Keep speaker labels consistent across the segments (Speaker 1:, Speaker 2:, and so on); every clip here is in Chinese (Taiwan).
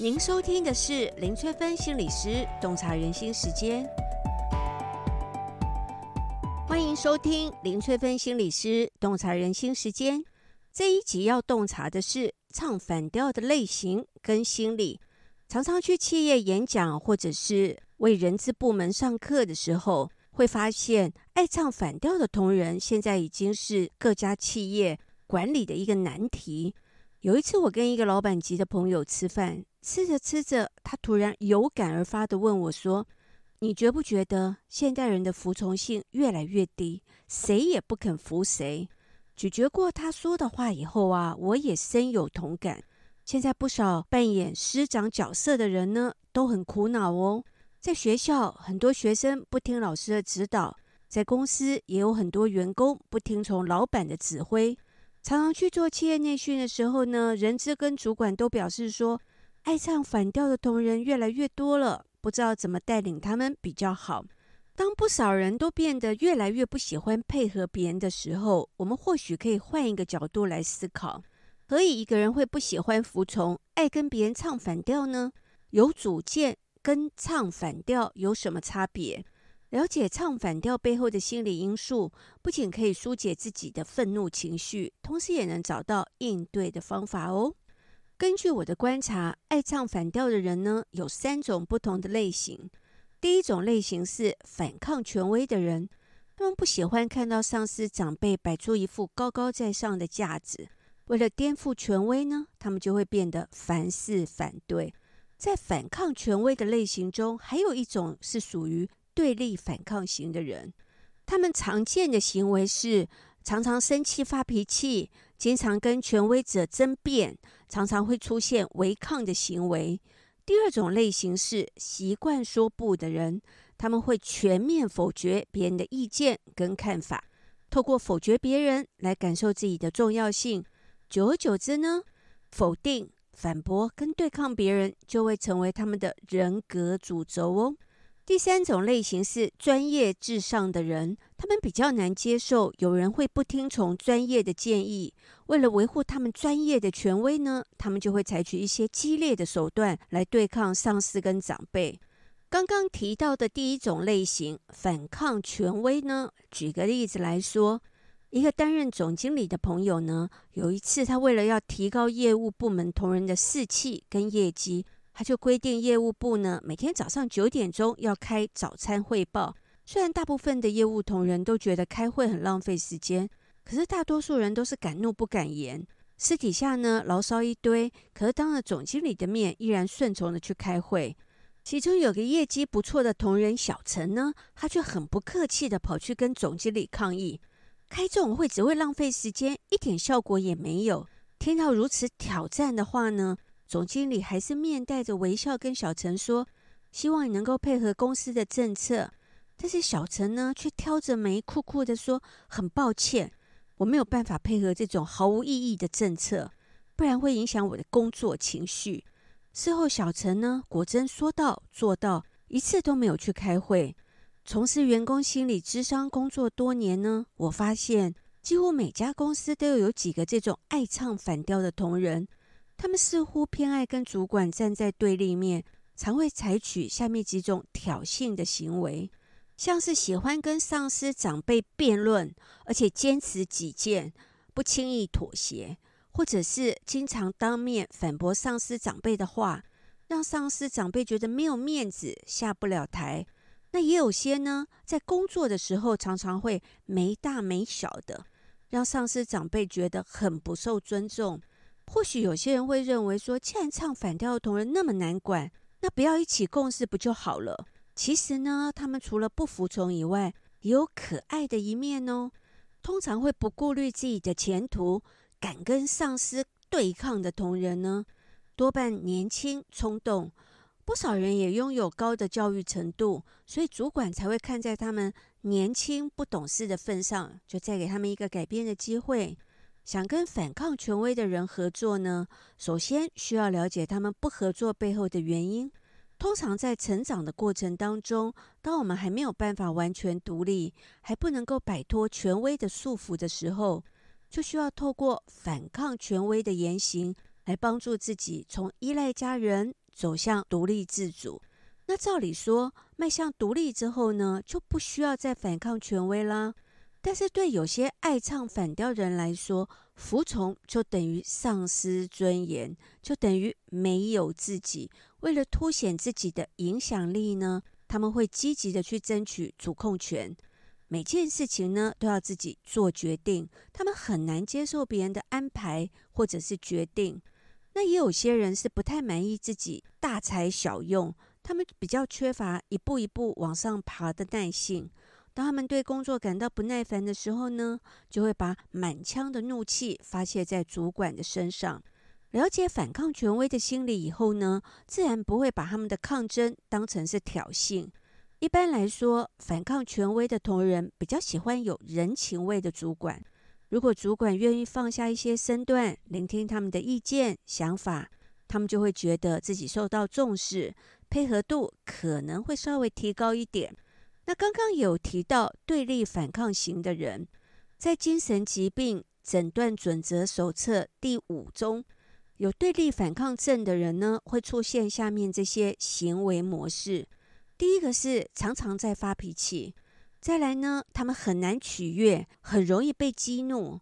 Speaker 1: 您收聽的是林翠芬心理師洞察人心時間，歡迎收聽林翠芬心理師洞察人心時間，這一集要洞察的是唱反調的類型跟心理。常常去企業演講或者是為人資部門上課的時候，會發現愛唱反調的同仁，現在已經是各家企業管理的一個難題。有一次，我跟一個老闆級的朋友吃飯。吃着吃着，他突然有感而發的問我說：「你覺不覺得現代人的服從性越來越低，誰也不肯服誰？”咀嚼過他說的話以後啊，我也深有同感。現在不少扮演師長角色的人呢，都很苦惱哦。在學校，很多學生不聽老師的指導；在公司，也有很多員工不聽從老板的指揮。常常去做企業內訓的時候呢，人資跟主管都表示說。愛唱反調的同仁越來越多了，不知道怎麼帶領他們比較好。當不少人都變得越來越不喜歡配合別人的時候，我們或許可以換一個角度來思考：何以一個人會不喜歡服從、愛跟別人唱反調呢？有主見跟唱反調有什麼差別？了解唱反調背後的心理因素，不僅可以紓解自己的憤怒情緒，同時也能找到應對的方法哦。根據我的觀察，愛唱反調的人呢，有三種不同的類型。第一種類型是反抗權威的人，他們不喜歡看到上司、長輩擺出一副高高在上的架子。為了顛覆權威呢，他們就會變得凡事反對。在反抗權威的類型中，還有一種是屬於對立反抗型的人，他們常見的行為是。常常生氣發脾氣，經常跟權威者爭辯，常常會出現違抗的行為。第二種類型是習慣說不的人，他們會全面否決別人的意見跟看法，透過否決別人來感受自己的重要性。久而久之呢，否定、反駁跟對抗別人就會成為他們的人格主軸哦。第三種類型是專業至上的人。他們比較難接受有人會不聽從專業的建議，為了維護他們專業的權威呢，他們就會採取一些激烈的手段來對抗上司跟長輩。剛剛提到的第一種類型反抗權威呢，舉個例子來說，一個擔任總經理的朋友呢，有一次他為了要提高業務部門同仁的士氣跟業績，他就規定業務部呢每天早上九點鐘要開早餐匯報。雖然大部分的業務同仁都覺得開會很浪費時間，可是大多數人都是敢怒不敢言。私底下呢，牢騷一堆，可是當了總經理的面，依然順從的去開會。其中有個業績不錯的同仁小陳呢，他卻很不客氣的跑去跟總經理抗議：開這種會只會浪費時間，一點效果也沒有。聽到如此挑戰的話呢，總經理還是面帶着微笑跟小陳說：希望你能夠配合公司的政策。但是小陳呢，卻挑着眉，酷酷地說：“很抱歉，我沒有辦法配合這種毫無意義的政策，不然會影響我的工作情緒。”事後，小陳呢，果真說到做到，一次都沒有去開會。從事員工心理諮商工作多年呢，我發現幾乎每家公司都有有幾個這種愛唱反調的同仁，他們似乎偏愛跟主管站在對立面，常會採取下面幾種挑釁的行為。像是喜歡跟上司長輩辯論，而且堅持己見，不輕易妥協，或者是經常當面反駁上司長輩的話，讓上司長輩覺得沒有面子，下不了台。那也有些呢，在工作的時候常常會沒大沒小的，讓上司長輩覺得很不受尊重。或許有些人會認為說，既然唱反調的同仁那麼難管，那不要一起共事不就好了？其實呢，他們除了不服從以外，也有可愛的一面哦。通常會不顧慮自己的前途，敢跟上司對抗的同仁呢，多半年輕衝動，不少人也擁有高的教育程度，所以主管才會看在他們年輕不懂事的份上，就再給他們一個改變的機會。想跟反抗權威的人合作呢，首先需要了解他們不合作背後的原因。通常在成長的過程當中，當我們還沒有辦法完全獨立，還不能夠擺脫權威的束縛的時候，就需要透過反抗權威的言行，來幫助自己從依賴家人走向獨立自主。那照理說，邁向獨立之後呢，就不需要再反抗權威啦。但是對有些愛唱反調的人來說，服從就等於喪失尊嚴，就等於沒有自己。為了凸顯自己的影響力呢，他們會積極地去爭取主控權，每件事情呢都要自己做決定。他們很難接受別人的安排或者是決定。那也有些人是不太滿意自己大材小用，他們比較缺乏一步一步往上爬的耐性。當他們對工作感到不耐煩的時候呢，就會把滿腔的怒氣發洩在主管的身上。了解反抗權威的心理以後呢，自然不會把他們的抗爭當成是挑釁。一般來說，反抗權威的同仁比較喜歡有人情味的主管。如果主管願意放下一些身段，聆聽他們的意見、想法，他們就會覺得自己受到重視，配合度可能會稍微提高一點。那剛剛有提到對立反抗型的人，在精神疾病診斷準則手冊第五中。有對立反抗症的人呢，會出現下面這些行為模式：第一個是常常在發脾氣；再來呢，他們很難取悅，很容易被激怒；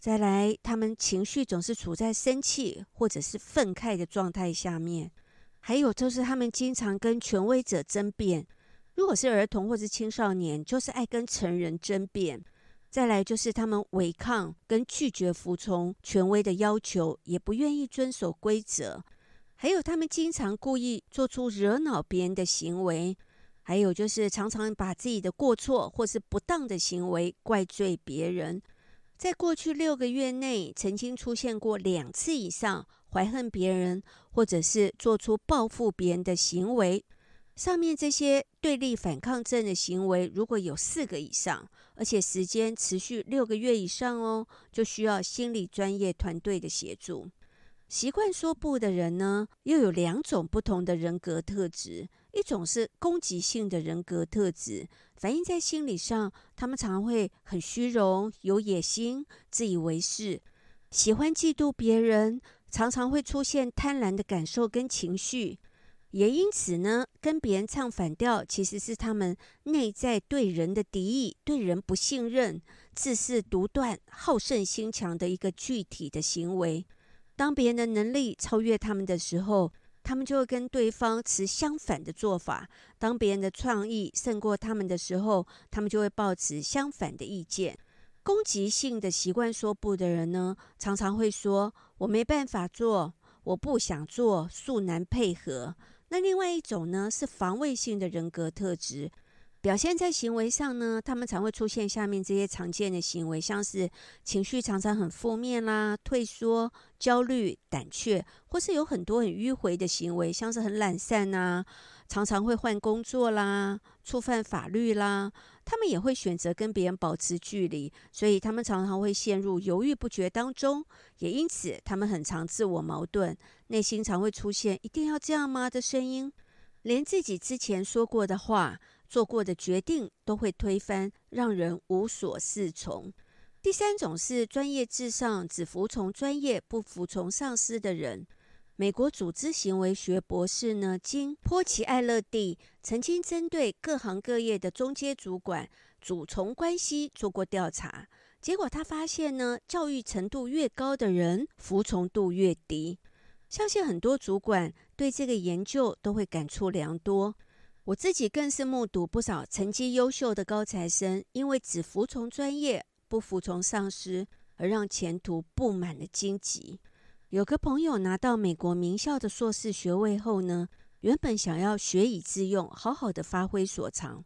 Speaker 1: 再來，他們情緒總是處在生氣或者是憤慨的狀態下面；還有就是，他們經常跟權威者爭辯。如果是兒童或是青少年，就是愛跟成人爭辯。再來就是他們違抗跟拒絕服從權威的要求，也不願意遵守規則，還有他們經常故意做出惹惱別人的行為，還有就是常常把自己的過錯或是不當的行為怪罪別人。在過去六個月內，曾經出現過兩次以上懷恨別人，或者是做出報復別人的行為。上面這些。對立反抗症的行為，如果有四個以上，而且時間持續六個月以上哦，就需要心理專業團隊的協助。習慣說不的人呢，又有兩種不同的人格特質，一種是攻擊性的人格特質，反映在心理上，他們常會很虛榮、有野心、自以為是，喜歡嫉妒別人，常常會出現貪婪的感受跟情緒。也因此呢，跟別人唱反調，其實是他們內在對人的敵意、對人不信任、自私、獨斷、好勝心強的一個具體的行為。當別人的能力超越他們的時候，他們就會跟對方持相反的做法；當別人的創意勝過他們的時候，他們就會抱持相反的意見。攻擊性的習慣說不的人呢，常常會說：“我沒辦法做，我不想做，恕難配合。”那另外一種呢，是防衛性的人格特質，表現在行為上呢，他們常會出現下面這些常見的行為，像是情緒常常很負面啦，退縮、焦慮、膽怯，或是有很多很迂回的行為，像是很懶散啦、啊，常常會換工作啦，觸犯法律啦。他們也會選擇跟別人保持距離，所以他們常常會陷入猶豫不決當中，也因此他們很常自我矛盾，內心常會出現“一定要這樣嗎”的聲音，連自己之前說過的話、做過的決定都會推翻，讓人無所適從。第三種是專業至上，只服從專業，不服從上司的人。美國組織行為學博士呢，金·波奇艾勒蒂曾經針對各行各業的中階主管、主從關係做過調查，結果他發現呢，教育程度越高的人，服從度越低。相信很多主管對這個研究都會感觸良多。我自己更是目睹不少成績優秀的高材生，因為只服從專業、不服從上司，而讓前途布滿了荊棘。有個朋友拿到美國名校的碩士學位後呢，原本想要學以致用，好好的發揮所長，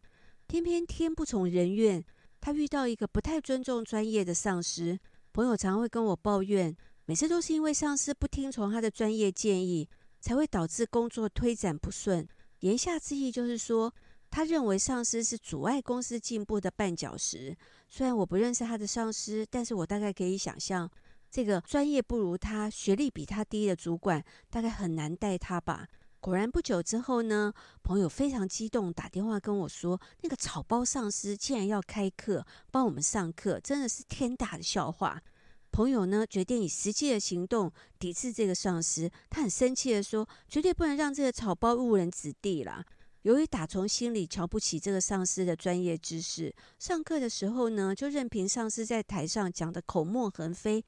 Speaker 1: 偏偏天不從人願，他遇到一個不太尊重專業的上司。朋友常會跟我抱怨，每次都是因為上司不聽從他的專業建議，才會導致工作推展不順。言下之意就是說，他認為上司是阻礙公司進步的絆腳石。雖然我不認識他的上司，但是我大概可以想象。這個專業不如他，學歷比他低的主管大概很難帶他吧。果然不久之後呢，朋友非常激動，打電話跟我說，那個草包上司竟然要開課幫我們上課，真的是天大的笑話。朋友呢，決定以實際的行動抵制這個上司，他很生氣的說，絕對不能讓這個草包誤人子弟啦。由於打從心裡瞧不起這個上司的專業知識，上課的時候呢，就任憑上司在臺上講的口沫橫飛。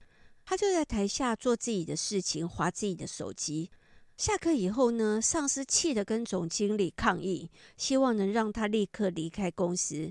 Speaker 1: 他就在台下做自己的事情，滑自己的手機。下課以後呢，上司氣得跟總經理抗議，希望能讓他立刻離開公司。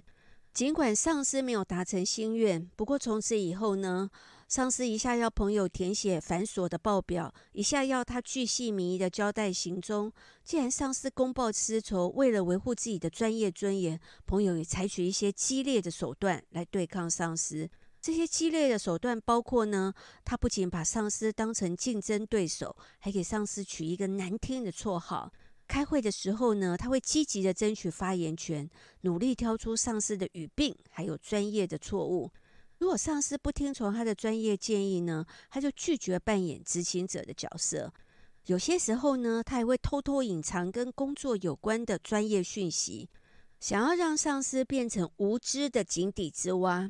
Speaker 1: 儘管上司沒有達成心願，不過從此以後呢，上司一下要朋友填寫繁瑣的報表，一下要他巨細靡遺的交代行蹤。既然上司公報私仇，為了維護自己的專業尊嚴，朋友也採取一些激烈的手段來對抗上司。這些激烈的手段包括呢，他不僅把上司當成競爭對手，還給上司取一個難聽的綽號。開會的時候呢，他會積極的爭取發言權，努力挑出上司的語病還有專業的錯誤。如果上司不聽從他的專業建議呢，他就拒絕扮演執行者的角色。有些時候呢，他還會偷偷隱藏跟工作有關的專業訊息，想要讓上司變成無知的井底之蛙。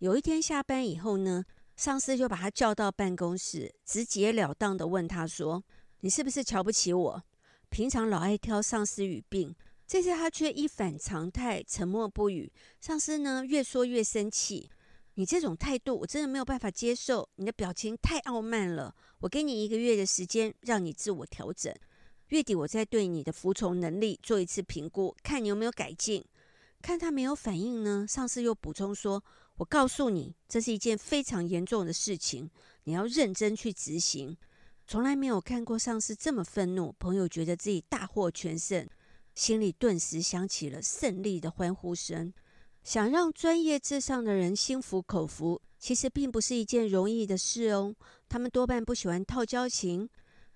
Speaker 1: 有一天下班以後呢，上司就把他叫到辦公室，直截了當地問他說：“你是不是瞧不起我？平常老愛挑上司語病，這次他卻一反常態，沉默不語。上司呢，越說越生氣，你這種態度我真的沒有辦法接受，你的表情太傲慢了。我給你一個月的時間，讓你自我調整，月底我再對你的服從能力做一次評估，看你有沒有改進。”看他沒有反應呢，上司又補充說，我告訴你，這是一件非常嚴重的事情，你要認真去執行。從來沒有看過上司這麼憤怒。朋友覺得自己大獲全勝，心裡頓時響起了勝利的歡呼聲。想讓專業至上的人心服口服，其實並不是一件容易的事哦。他們多半不喜歡套交情，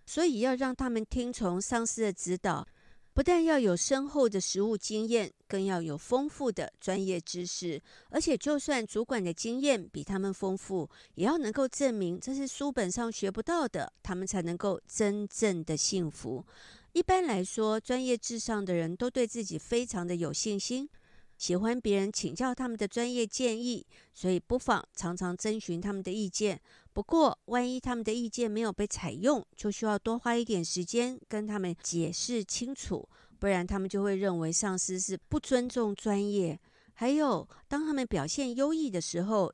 Speaker 1: 所以要讓他們聽從上司的指導，不但要有深厚的實務經驗，更要有豐富的專業知識。而且，就算主管的經驗比他們豐富，也要能夠證明這是書本上學不到的，他們才能夠真正的幸福。一般來說，專業至上的人都對自己非常的有信心，喜歡別人請教他們的專業建議，所以不妨常常徵詢他們的意見。不過，萬一他們的意見沒有被採用，就需要多花一點時間跟他們解釋清楚，不然他們就會認為上司是不尊重專業。還有，當他們表現優異的時候，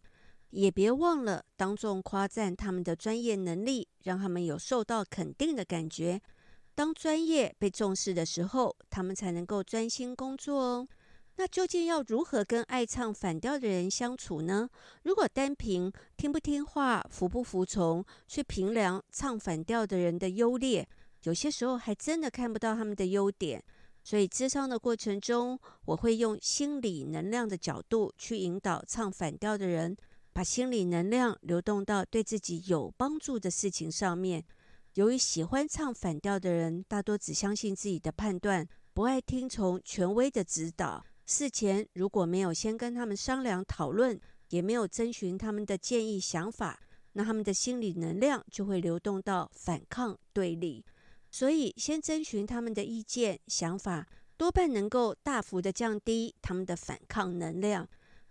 Speaker 1: 也別忘了當眾誇讚他們的專業能力，讓他們有受到肯定的感覺。當專業被重視的時候，他們才能夠專心工作哦。那究竟要如何跟愛唱反調的人相處呢？如果單憑聽不聽話、服不服從去評量唱反調的人的優劣，有些時候還真的看不到他們的優點。所以諮商的過程中，我會用心理能量的角度去引導唱反調的人，把心理能量流動到對自己有幫助的事情上面。由於喜歡唱反調的人大多只相信自己的判斷，不愛聽從權威的指導。事前如果沒有先跟他們商量討論，也沒有徵詢他們的建議想法，那他們的心理能量就會流動到反抗對立。所以，先徵詢他們的意見想法，多半能夠大幅的降低他們的反抗能量。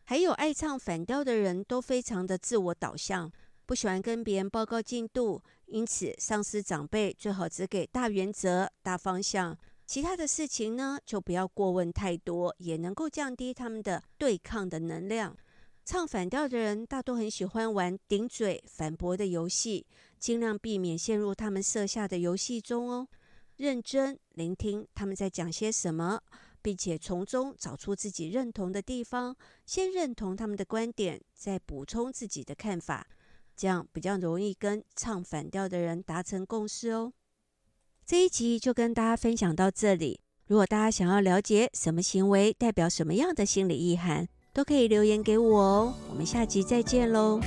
Speaker 1: 還有愛唱反調的人都非常的自我導向，不喜歡跟別人報告進度，因此，上司長輩最好只給大原則、大方向。其他的事情呢，就不要過問太多，也能夠降低他們的對抗的能量。唱反調的人大多很喜歡玩頂嘴反駁的遊戲，儘量避免陷入他們設下的遊戲中哦。認真聆聽他們在講些什麼，並且從中找出自己認同的地方，先認同他們的觀點，再補充自己的看法，這樣比較容易跟唱反調的人達成共識哦。這一集就跟大家分享到這裡。如果大家想要了解什麼行為代表什麼樣的心理意涵，都可以留言給我哦。我們下集再見嘍。